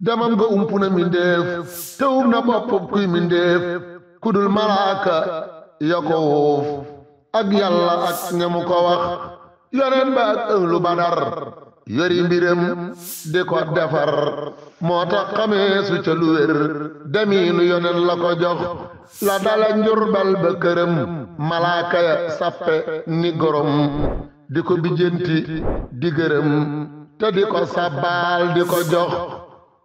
demam nga ump na mindéef te um na bopp kuy mindéef kudul malaaka ya ko wuuf ak yàlla ak ñemu ko wax yoneen ba ak ënglu badar yori mbiram di ko defar moo tax xamee su ca lu wér demiinu yoneen la ko jox la dala njurbal ba këram malaaka ya sappe ni gorom di ko bijjanti di te di ko sabbaal di ko jox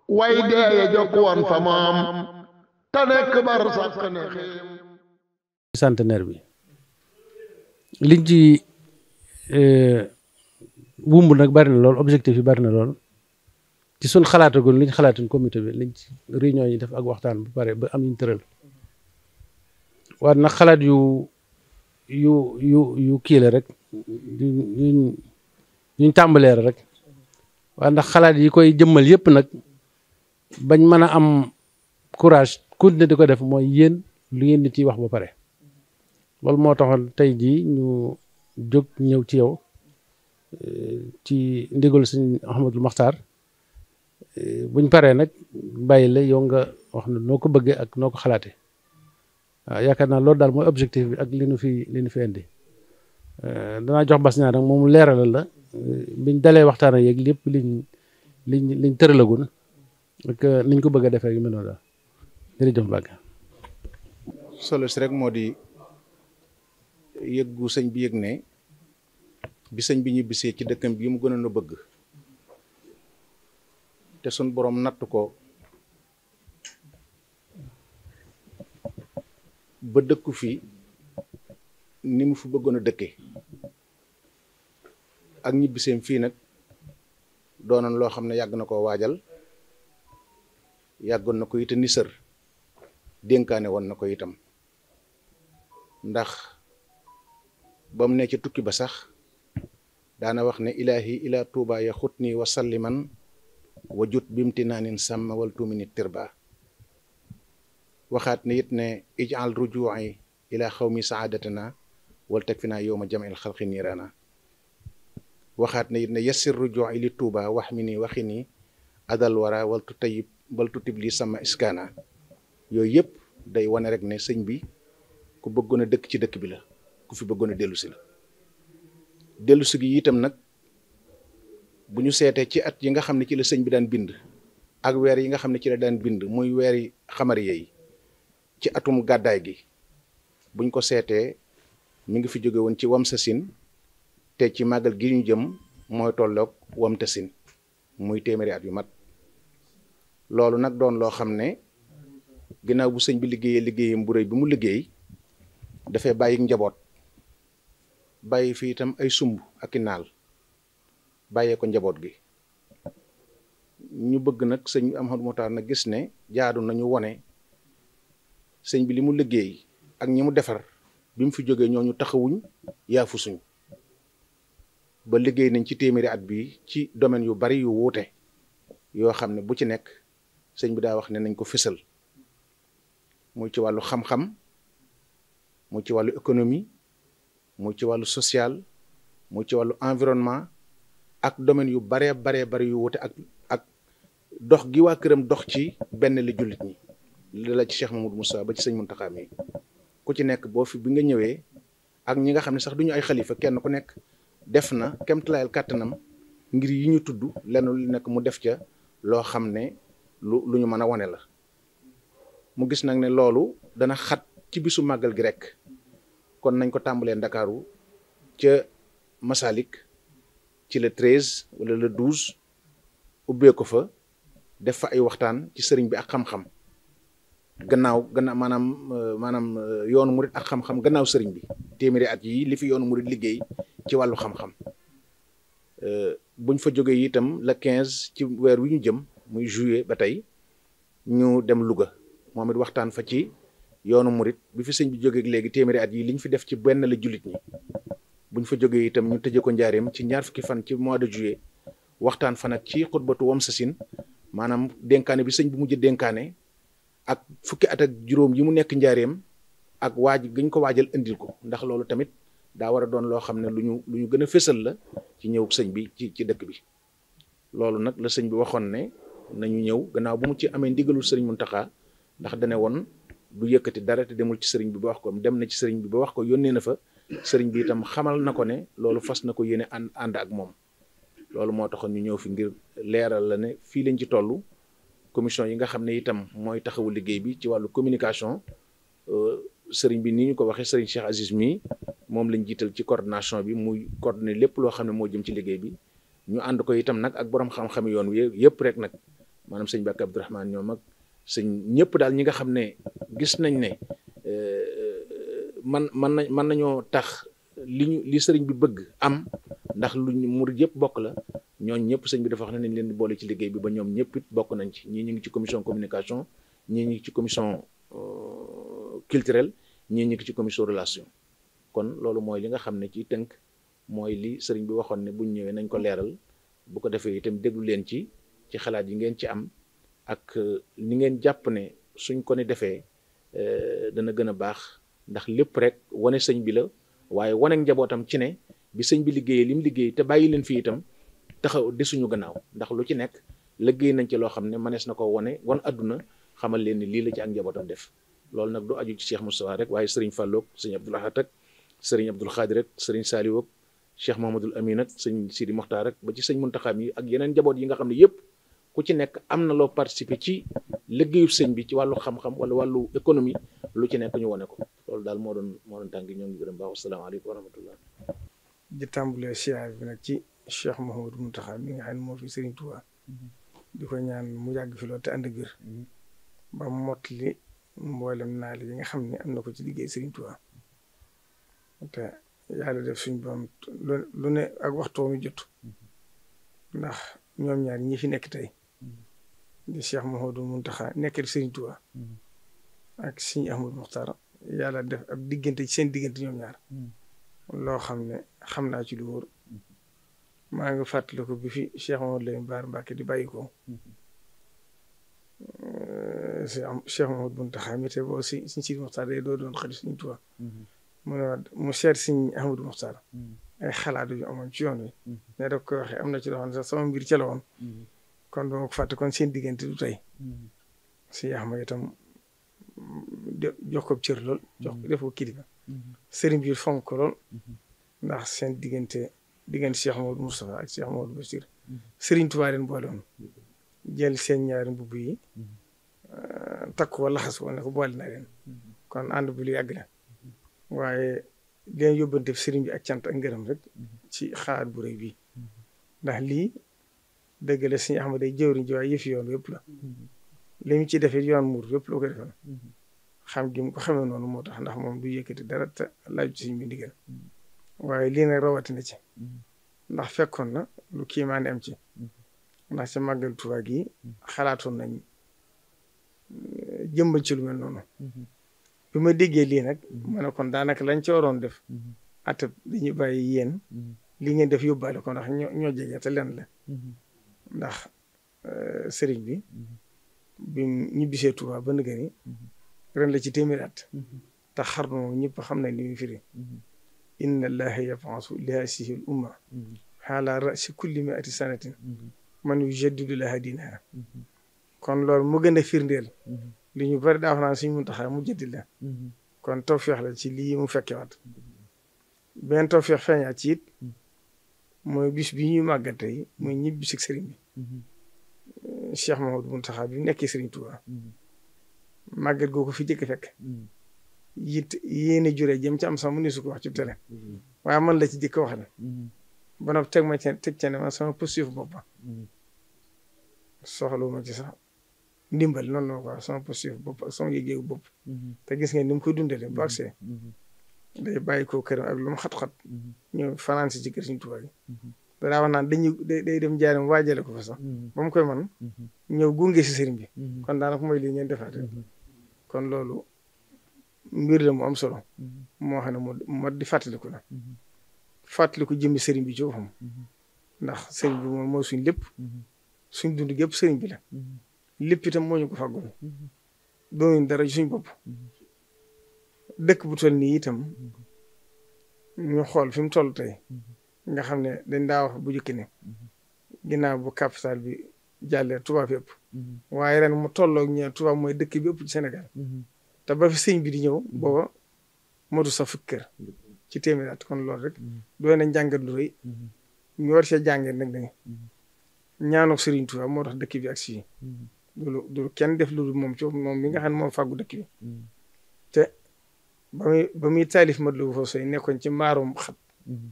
way deeye jokk woon fa moom bar sàq bi liñ ci e, wumb nag bari na lool objectif yi bari na lool ci suñ xalaatagoon liñ xalaatuñ comité bi liñ ci réunion yi def ak waxtaan bu pare ba am ñu tëral waaye nag xalaat yu yu yu yu kii la rek yuñ yuñ tàmbalee rek waaye ndax xalaat yi koy jëmmal yëpp nag bañ mën a am courage continuer di ko def mooy yéen lu ngeen di ciy wax ba pare loolu moo taxoon tey jii ñu jóg ñëw ci yow eh, ci ndigal sëñ Ahmadul Maxtaar eh, buñ paree nag bàyyi la yow nga wax na noo ko bëggee ak noo ko xalaatee waaw ah, yaakaar naa loolu daal mooy objectif bi ak li nu fi li nu fi indi eh, danaa jox bas ñaar nag moom leeralal la biñ dalee waxtaan ak yéeg lépp liñ liñ liñ tëralagul ak niñ ko bëgg a defee yu mel noonu daal jërëjëf Mbacke. solo si rek moo di yëggu sëñ bi yëg ne bi sëñ bi ñibbisee ci dëkkam bi mu gënoon a bëgg te suñ boroom natt ko ba dëkku fii ni mu fi bëggoon a dëkke ak ñibbiseem fii nag doonoon loo xam ne yàgg na koo waajal yàggoon na ko itam ni sër dénkaane woon na ko itam ndax ba mu ne tukki ba sax daana wax ne ilaahi ilaa tuuba ya xut nii wa salliman wa jut bimtinaanin sàmm wal tuumini tirba waxaat ne it ne ijaal rujuwaay ilaa xaw mi saadatana wal teg fi naa yow ma jamil xalqi niiraana waxaat ne it ne yassir rujuwaay li tuuba wax mi nii waxi nii adal wara wal tayib bal tutib lii sama iskaana yooyu yëpp day wane rek ne sëñ bi ku bëggoon a dëkk ci dëkk bi la ku fi bëggoon a dellu si la dellusi si gi itam nag bu ñu seetee ci at yi nga xam ne ci la sëñ bi daan bind ak weer yi nga xam ne ci la daan bind muy weeri xamariye yi ci atum gàddaay gi buñ ko seetee mu ngi fi jóge woon ci wam wamsasin te ci màggal gi ñu jëm mooy tolloog wamtasin muy téeméeri at yu mat loolu nag doon loo xam ne ginnaaw bu sëñ bi liggéeyee liggéeyam bu rëy bi mu liggéey dafay bàyyi njaboot bàyyi fii itam ay sumb ak i naal bàyyee ko njaboot gi ñu bëgg nag sëñ bi Ahmadou Mokhtar gis ne jaadu nañu wone sëñ bi li mu liggéey ak ñi mu defar bi mu fi jógee ñooñu taxawuñ yaafu suñ ba liggéey nañ ci téeméeri at bi ci domaine yu bari yu wuute yoo xam ne bu ci nekk sëñ bi daa wax ne nañ ko fësal muy ci wàllu xam-xam mu ci wàllu économie mu ci wàllu social mu ci wàllu environnement ak domaine yu baree baree bari yu wute ak ak dox gi waa këram dox ci benn li jullit ñi li la ci Cheikh Mamadou Moussa ba ci sëñ Mountakha mi ku ci nekk boo fi bi nga ñëwee ak ñi nga xam ne sax duñu ay xalifa kenn ku nekk def na kemtalaayal kàttanam ngir yi ñu tudd lenn lu nekk mu def ca loo xam ne lu lu ñu mën a wane la mu gis nag ne loolu dana xat ci bisu màggal gi rek kon nañ ko tàmbalee ndakaaru ca Masalik ci le treize wala le douze ubbee ko fa def fa ay waxtaan ci sëriñ bi ak xam-xam gannaaw gannaaw maanaam euh, maanaam euh, yoonu murit ak xam-xam gannaaw sëriñ bi téeméeri at yi li fi yoonu murit liggéey ci wàllu xam-xam euh, buñ fa jógee itam le quinze ci weer wi ñu jëm muy juillet ba tey ñu dem Louga moom it waxtaan fa ci yoonu murit bi fi sëñ bi jógeeg léegi téeméeri at yi li ñu fi def ci benn la jullit ñi bu fa jógee itam ñu tëjee ko njaareem ci ñaar fukki fan ci mois de juillet waxtaan fa nag ci xutbatu wam sasin maanaam dénkaane bi sëñ bi mujj dénkaane ak fukki at ak juróom yi mu nekk njaareem ak waaj gi ñu ko waajal indil ko ndax loolu tamit daa war a doon loo xam ne lu ñu lu ñu gën a fésal la ci ñëw sëñ bi ci ci dëkk bi loolu nag sëñ bi waxoon ne nañu ñëw gannaaw bu mu ci amee ndigalul sëriñ taxa ndax dene woon du yëkkati dara te demul ci sëriñ bi ba wax ko dem na ci sëriñ bi ba wax ko yónnee na fa sëriñ bi itam xamal na ko ne loolu fas na ko yéene ànd ànd ak moom loolu moo taxoon ñu ñëw fi ngir leeral la ne fii lañ ci toll commission yi nga xam ne itam mooy taxawu liggéey bi ci wàllu communication euh, sëriñ bi ni ñu ko waxee sëriñ Cheikh Aziz mii moom lañ jiital ci coordination bi mu coordonné lépp loo xam ne moo jëm ci liggéey bi ñu ànd ko itam nag ak boroom xam-xam yoon wi yëpp rek nag maanaam sëñ Bakk Abdourahman ñoom ak sëñ ñëpp daal ñi nga xam ne gis nañ ne euh, man man nañ mën nañoo tax li ñu li sëriñ bi bëgg am ndax lu ñu murid yëpp bokk la ñooñ ñëpp sëñ bi dafa wax ne nañ leen di boole ci liggéey bi ba ñoom ñëpp bokk nañ ci ñii ñu ngi ci commission communication ñii ñu ngi ci commission euh, culturelle ñii ñu ngi ci commission relation kon loolu mooy li nga xam ne ci tënk mooy li sëriñ bi waxoon ne buñ ñëwee nañ ko leeral bu ko defee itam déglu leen ci xalaat yi ngeen ci am ak euh, ni ngeen jàpp ne suñ ko ne defee euh, dana gën a baax ndax lépp rek wane sëñ bi la waaye wane njabootam ci ne bi sëñ bi liggéeyee lim liggéey te bàyyi leen fii itam taxaw di suñu gannaaw ndax lu ci nekk liggéey nañ ci loo xam ne manees na ko wone wan àdduna xamal leen ni lii la ci ak njabootam def loolu nag du aju ci Cheikh Moustapha rek waaye sëriñ Fallou ak sëriñ Abdoul Ahad ak sëriñ Abdoul Khadir ak sëriñ Saliou ak Cheikh Mouhamadoul Amine ak sëñ Sidi Mokhtar ak ba ci sëñ Mountakha yi ak yeneen njaboot yi nga xam ne yëpp ku ci nekk am na loo participer ci liggéeyu sëñ bi ci wàllu xam-xam wala wàllu économie lu ci nekk ñu wane ko loolu daal moo doon moo doon ñoo ngi gërëm baax asalaamaaleykum wa di tàmbale siyaar bi nag ci Cheikh Mouhamadou mi nga xam ne moo fi sëriñ mm-hmm. di ko ñaan mu yàgg fi loolu te ànd gër mm-hmm. ba mot li mboolem naal yi nga xam ne am na ko ci liggéey sëriñ def suñ boom lu ne ak waxtoo jot mm-hmm. ndax ñoom ñaar ñi fi nekk tey di Cheikh Mouhamadou Mountakha nekkal Serigne Touba mm-hmm. ak Serigne Ahmadou Mokhtar yàlla def ab diggante ci seen diggante ñoom ñaar mm-hmm. loo xam ne xam naa ci lu mm-hmm. maa ngi fàttaliku bi fi Cheikh Mouhamadou Lamine Bara Mbacké di bàyyi ko Cheikh Mouhamadou Mountakha mi te boo si Serigne Sidi Mokhtar day doo doon xarit Serigne Touba mu ne mu ay xalaat yu amoon ci yoon wi ne daf koy waxee am na ci loo xam ne sax sama mbir ca la kon dama ko kon seen diggante du tey hmm. si Axma itam jox ko cër lool jox hmm. def ko kilifa hmm. sëriñ bi fonk lool ndax seen diggante diggante Cheikh Maodo Moustapha ak Cheikh Maodo Bachir sëriñ Tuubaa leen boole woon jël seen ñaari mbubb yi euh, takk ko laxas ko ne boole na leen kon ànd bu lu yàgg la waaye leen yóbbante sëriñ bi ak cant ak ngërëm rek ci xaar bu rëy bi ndax lii dëgg si suñu Ahmad day jëwriñ ji waaye yoon yëpp la mhm. li mu ci defee yoon muur yëpp la ko defal mhm. xam gi mu ko xamee noonu moo tax ndax moom du yëkkati dara te laaj ci suñu mhm. waaye lii nag rawatina ci ndax fekkoon na lu kiimaane am ci ndax ci màggal Tuubaa gi xalaatoon nañ eh, jëmbal ci lu mel noonu bi ma déggee lii nag ma kon daanaka lañ ci waroon def atab dañu bàyyi yéen lii ngeen def yóbbaale ko ndax ñoo ñoo jege te la ndax euh, sëriñ bi bi ñibbisee Touba ba nga ren la ci téeméeri at te xarnu ñëpp xam nañ li muy firi inna allaha yabasu li hasihi l umma ala rasi kulli miati sanatin man yujaddidu laha dinaha kon loolu mu gën a firndeel li ñu bari daa fanaan suñ mun taxaa mu jëddi kon tawfeex la ci lii mu fekkewaat beneen tawfeex feeñaat ci it mooy bis bi ñuy màggal tey mooy ñibbi si sëriñ bi mhm. euh, Cheikh Mahamadou Mountakha bi mu nekkee sëriñ Touba mhm. màggal goo ko fi jëkk fekk mhm. it yéene jure jëm ci am sax mu ne su ko wax ci télé waaye man la ci jëkk wax ne ba noppi teg ma ca teg ca ne ma ci sax ndimbal noonu la ma ko wax sama positif bopp ak sama yëgeegu bopp te gis ngeen ni mu koy dundalee bu day bàyyi ko këram ak lu mu xat-xat mm-hmm. ñëw fanaan si ci kër Sëriñ Tuubaa yi mm-hmm. danaa wax naan dañuy day dem jaarim waajale ko fa sax mm-hmm. ba koy man ñëw gunge si sëriñ bi kon daanaka mooy lii ngeen defaate kon loolu mbir la mu am solo moo xam ne mu mat di fàttaliku la fàttaliku jimmi sëriñ bi ci boppam ndax sëriñ bi moom mooy suñ lépp suñ dund gépp sëriñ bi la lépp itam mooñu ñu ko fàggul doonuñ dara ci suñ bopp dëkk bu toll nii itam mhm. ñu xool fi mu toll tey mhm. nga xam ne dañ daa wax bu jëkk ne mhm. ginnaaw bu capital bi jàllee Touba fépp waaye ren mu tolloog ñee Touba mooy dëkk bi ëpp ci Sénégal te ba fi sëñ bi di ñëw booba motu sa fukk kër ci téeméer at kon loolu rek doy na njàngat lu rëy ñu war see jàngee nag dañ ñaanoog Serigne Touba moo tax dëkk bi ak si du loolu kenn def loolu moom ci moom mi nga xam ne moo fàggu dëkk bi ba muy ba mat taalif Matlabul Fawzayni nekkoon ci maarum xat mm-hmm.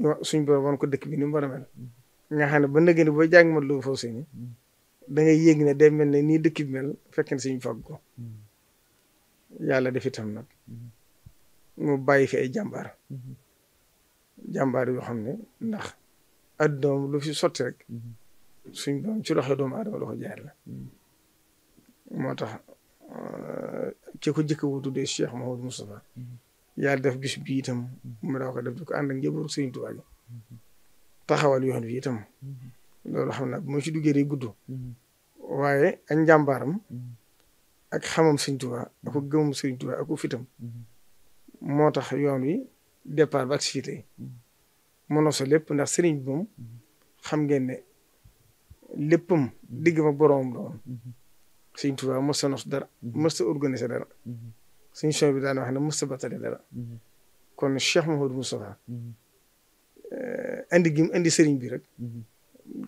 ñu suñ borom wan ko dëkk bi ni mu war a mel mm-hmm. nga xam ne ba nëgëni boo jàng Matlabul Fawzayni mm-hmm. da dangay yéeg ne day mel ne nii dëkk bi mel fekk na suñu fàgg ko yàlla def itam nag mu bàyyi fi ay jàmbaar jàmbaar yoo xam ne ndax addoom lu fi sotti rek suñ borom ci loxo doomu aadama loxo jaar la moo tax ki euh, ko jëkk woo tuddee Cheikh Mouhamadou Moustapha mm-hmm. yàlla def bis bi itam mu daa ko def di ko ànd ak njëbooru mm-hmm. taxawal yoon bi itam mm-hmm. loolu xam naa moo ci ak njàmbaaram ak xamam Sëriñ Tuubaa ak ko gëmam Sëriñ Tuubaa ak ko fitam moo tax yoon wi départ ba ak si tey mënoo lépp ndax sëriñ bi moom xam ngeen ne léppam digg ma boroomam la sëñ Tuubaa mës a nos dara mës mhm. a dara sëñ Cheikh bi daan wax ne mës a batale dara mhm. kon Cheikh Mouhamadou Moustapha mhm. eh, indi gi mu indi sëriñ bi rek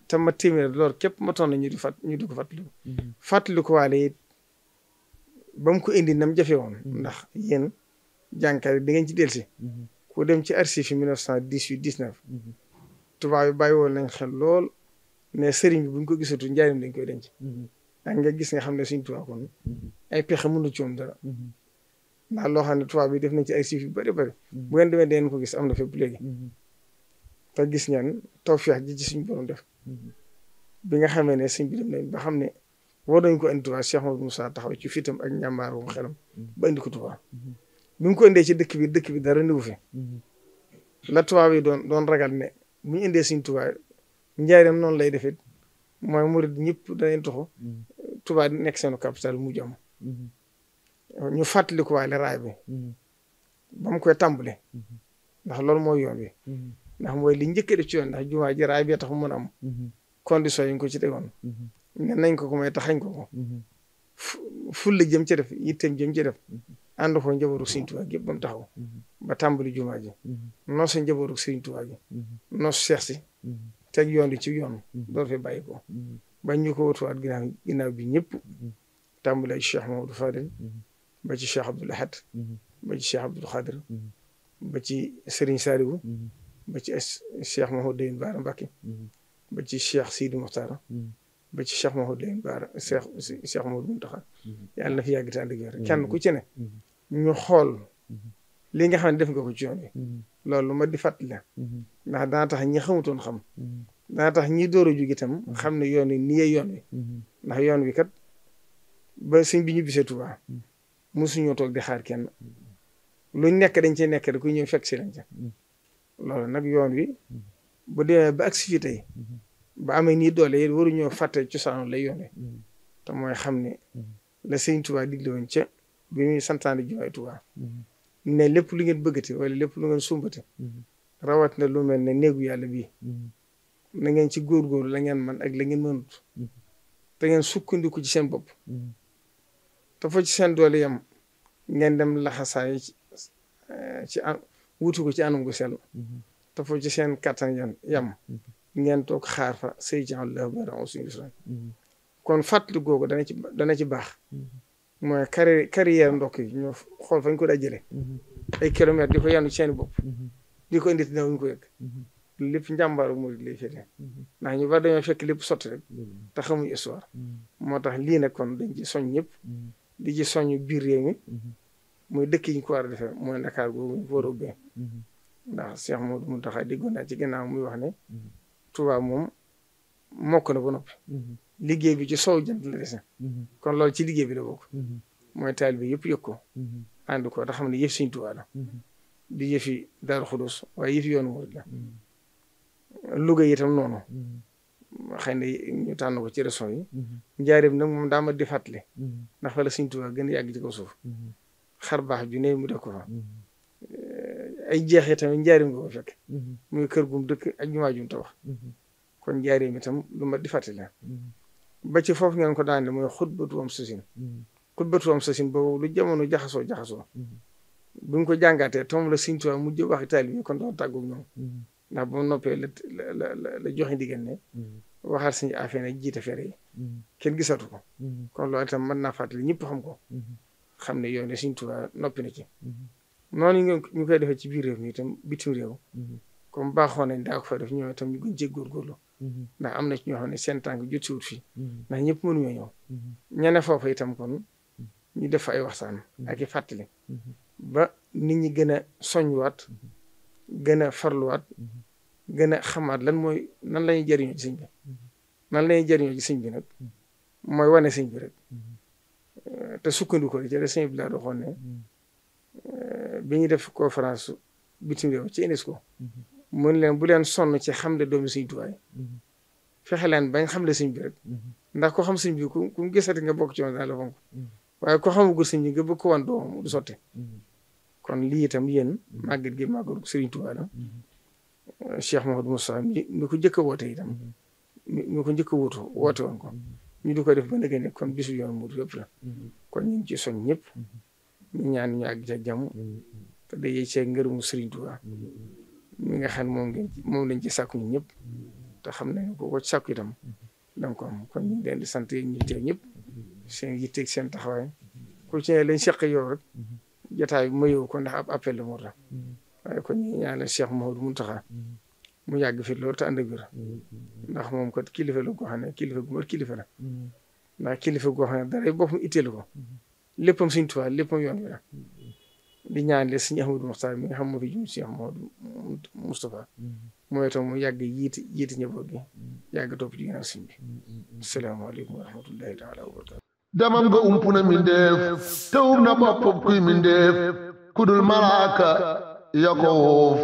te ma téeméer loolu képp ma na ñu di fat ñu di ko fàttaliku fàttaliku waale it ba mu ko indi nam jafe woon ndax yéen jànkat yi da ngeen ci delsi ku dem ci archives yi mille neuf cent dix-huit tubaab yi bàyyi woon nañ xel lool ne sëriñ bi bu buñ ko gisatu njaarim dañ koy denc nga gis nga xam ne suñ tubaab kon mm-hmm. ay pexe mënu ci woon dara mm-hmm. ndax loo xam ne tubaab bi def nañ ci ay siif yu bëri bëri mm-hmm. bu ngeen demee deen ko gis am na fépp léegi te gis ngeen tawfeex ji ci suñ borom bi nga xamee ne suñ bi dem nañ ba xam ne war nañ ko indi tubaab Cheikh Mouhamadou Moussa taxaw ci fitam ak ñamaar wu xelam ba indi ko tubaab bi mu ko ndee ci dëkk bi dëkk bi dara niwu fi la tubaab yi doon doon ragal ne mu ñu indee suñ tubaab njaareem noonu lay defit mooy murid ñëpp danañ toxu Touba nekk seen capital mu jëm mm-hmm. ñu fàttalikuwaale raay bi mm-hmm. ba mu koy tàmbale mm-hmm. ndax loolu mooy yoon bi ndax mooy li njëkk def ci yoon ndax jumaa ji raay bi tax mu mën a am condition yi ñu ko ci tegoon ne nañ ko ko may taxañ ko ko fulla jëm ci def yitteem jëm ci def njabootu Sëriñ Tuubaa gi ba taxaw ba tàmbali jumaa ji noo sa njabootu Sëriñ Tuubaa gi noo si teg yoon di ci yoon door fi bàyyi ko bañ ñu ko wutuwaat ginnaaw ginnaaw bi ñëpp tàmbalee ci Cheikh Mamadou Fadel ba ci Cheikh Abdoul Ahad ba ci Cheikh Abdoul Khadir ba ci Serigne Saliou ba ci Cheikh Mahoud Dayin Baara Mbacke ba ci Cheikh Sidi Mokhtar ba ci Cheikh Mahoud Dayin Baara Cheikh Cheikh Mahoud yàlla fi yàgg te ànd ak kenn ku ci ne ñu xool li nga xam ne def nga ko ci yoon loolu ma di fàttali ndax daa tax ñi xamutoon xam dana tax ñi door a jug itam mm-hmm. xam ne yoon wi nii yoon wi mm-hmm. ndax yoon wi kat ba sëñ bi ñu bisee Tuubaa mm-hmm. mosuñoo toog di xaar kenn luñ nekk dañ cee nekk rek ku ñëw fekk si lañ loolu nag yoon wi bu demee ba agsi fii tey ba amee nii doole waruñoo fàtte cosaanu lay yoon wi te mooy xam ne la sëñ Tuubaa digle woon ca bi muy santaane jumaay Tuubaa ne lépp lu ngeen bëggati wala lépp lu ngeen sumbati rawat na lu mel ne néegu yàlla bi na ngeen ci góor la ngeen man ak la ngeen mënut mm-hmm. te ngeen sukkandiku ci seen bopp mm-hmm. te fa ci seen doole yam ngeen dem laxasaay ci eh, an wutu ko ci anam gu sell mm-hmm. te fa ci seen kattan yan yam ngeen toog xaar fa say jàll la ba kon fàttali googu dana ci dana ci baax mooy carrière carrière ndokk yi ñoo xool fañ ko dajale ay kilomètres di ko yanu seen bopp di ko indi te dawuñ ko yëg lépp njàmbaaru murid lay féete mhm. ndax ñu bari dañoo fekk lépp sotti rek te xamuñ histoire mhm. moo tax lii ne kon dañ ci soñ ñëpp mhm. di ci soñ biir réew mi muy dëkk yi ñu ko war a defee mooy Ndakaar googu ñu ko war a ubbee ndax Cheikh Modou Mountakha déggoon naa ci ginnaaw muy wax ne Touba moom mokk na ba noppi liggéey bi ci sow jant la dese kon loolu ci liggéey bi la bokk mooy taal bi yëpp yëg ko ànd ko te xam ne yëf Sëñ Tuubaa la di yëfi Daaru Xudoos waaye yëfi yoonu murid la Louga tam noonu xëy na ñu tànn ko ci reson yi njaareem nag moom daama di fàttali ndax fa la Sëriñ Tuubaa gën a yàgg ci kaw suuf xar baax ju ne mu def ko fa eh, ay jeexee tamit njaareem nga ko fekk muy kër gum dëkk ak jumaa jum tabax kon njaareem tam lu ma di fàttali ba ci foofu ngeen ko daane mooy xutbatu am sasin xutbatu am sasin boobu lu jamono jaxasoo jaxasoo bu ñu ko jàngaatee tom la Sëriñ Tuubaa mujj wax taalibe yi kon doon tàggu ñoom ndax bu noppee la la la joxe ndigal ne mm. waxal suñu affaire ne jiite fere mm. kenn gisatu ko mm. kon loolu itam mën naa fàttali ñëpp xam ko xam ne yow ne suñ Tuubaa noppi na ci noonu ñu koy defee ci biir réew mi itam bitim réew comme baaxoo nañ daa ko fay def ñoom itam ñu gën cee góorgóorlu am na ci ñoo xam ne seen tànk jotiwut fii ndax ñëpp mënuñoo ñëw ñene foofa itam kon ñu def ay waxtaan ak i fàttali ba nit ñi gën a soñ soñwaat gën a farluwaat mm-hmm. gën a xamaat lan mooy nan lañuy jëriñoo ci sëñ bi nan lañuy jëriñoo ci bi nag mm-hmm. mooy wane sëñ bi rek mm-hmm. te sukkandiku ko jëre sëñ bi laa doxoon ne bi ñu def conférence bitim réew ci ko mun leen bu leen sonn ci xam le doomi sëñ Tuubaa fexe bañ xam le sëñ bi rek ndax ko xam sëñ bi ku ku mu gisati nga bokk ci woon daal la fonk waaye ko xamagul sëñ bi nga bëgg ko wan doomam du sotti kon lii itam yéen mhm. màggat gi màggalu Serigne Touba la mhm. euh, Cheikh Mouhamadou Moussa mi mi ko njëkk a woote mhm. ko njëkk a wuutu woote ñu di ko def ba léegi ne kon yoon mudu yëpp la kon ñu ngi ci soñ ñëpp ñu ñaan ñu àgg ca jàmm te dajee cee ngërëmu Serigne Touba mi nga xam moom ngeen moom lañ ci sàkku ñu ñëpp te xam na ko ko sàkku itam danga ko am kon ñu ngi di sant ñu teew ñëpp seen yitteeg seen taxawaay ku ci lañ seq yoo rek jotaay bi mayewu ko ndax ab appel la moo tax mm. waaye kon ñu ñaanal Cheikh Mouhamadou mm. mu yàgg fi loolu te ànd ak mm. ndax moom kat kilifa la goo xam ne kilifa la ndax kilifa goo xam ne dara boppam itteelu ko léppam suñ tubaab léppam yoon bi la di ñaan leen suñu Ahmadou Mokhtar mi nga xam moo fi jëm Cheikh Mouhamadou Moustapha mooy mu yàgg yiiti yiiti njaboot gi yàgg topp ci ginnaaw suñ bi asalaamaaleykum wa rahmatullahi wa barakatu demam nga umpuna mindeef te um na bopp kuy mindeef kudul malaaka ya ko wuuf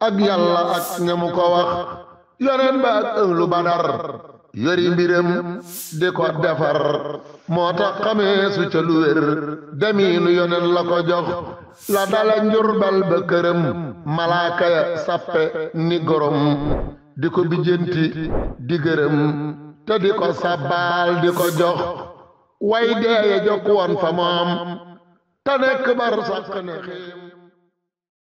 ak yàlla ak ñemu ko wax yoneen ba ak ënglu badar yori mbiram di ko defar moo tax xamee lu wér demiinu yoneen la ko jox la dala njurbal ba këram malaaka ya sappe ni gorom di ko bijjanti di gërëm te di ko sabbaal di ko jox way deeye jokk woon fa moom te nekk bar sàkk ne xiim